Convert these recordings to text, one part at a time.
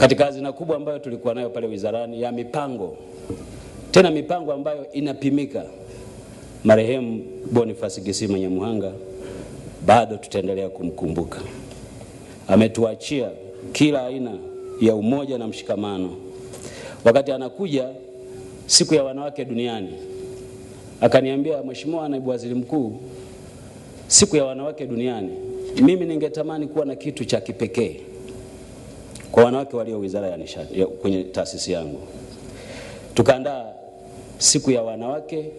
katika hazina kubwa ambayo tulikuwa nayo pale wizarani ya mipango, tena mipango ambayo inapimika. Marehemu Boniface Gisima Nyamuhanga bado tutaendelea kumkumbuka. Ametuachia kila aina ya umoja na mshikamano. Wakati anakuja siku ya wanawake duniani, akaniambia Mheshimiwa Naibu Waziri Mkuu, siku ya wanawake duniani, mimi ningetamani kuwa na kitu cha kipekee kwa wanawake walio wizara ya nishati ya, kwenye taasisi yangu. Tukaandaa siku ya wanawake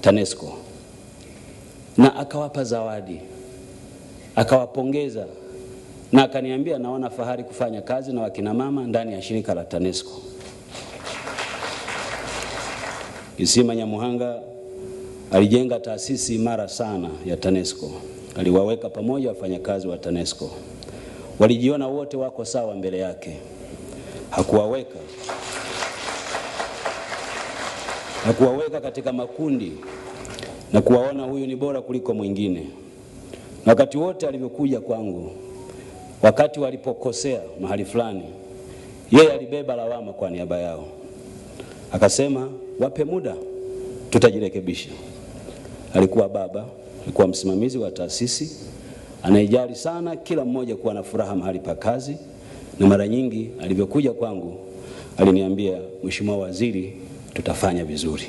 TANESCO na akawapa zawadi, akawapongeza na akaniambia, naona fahari kufanya kazi na wakinamama ndani ya shirika la TANESCO. Kisima Nyamuhanga alijenga taasisi imara sana ya TANESCO, aliwaweka pamoja wafanyakazi wa TANESCO. Walijiona wote wako sawa mbele yake, hakuwaweka hakuwaweka katika makundi na kuwaona huyu ni bora kuliko mwingine. Na wakati wote alivyokuja kwangu, wakati walipokosea mahali fulani, yeye alibeba lawama kwa niaba yao, akasema wape muda, tutajirekebisha. Alikuwa baba, alikuwa msimamizi wa taasisi anaijali sana kila mmoja kuwa na furaha mahali pa kazi, na mara nyingi alivyokuja kwangu aliniambia, Mheshimiwa Waziri, tutafanya vizuri.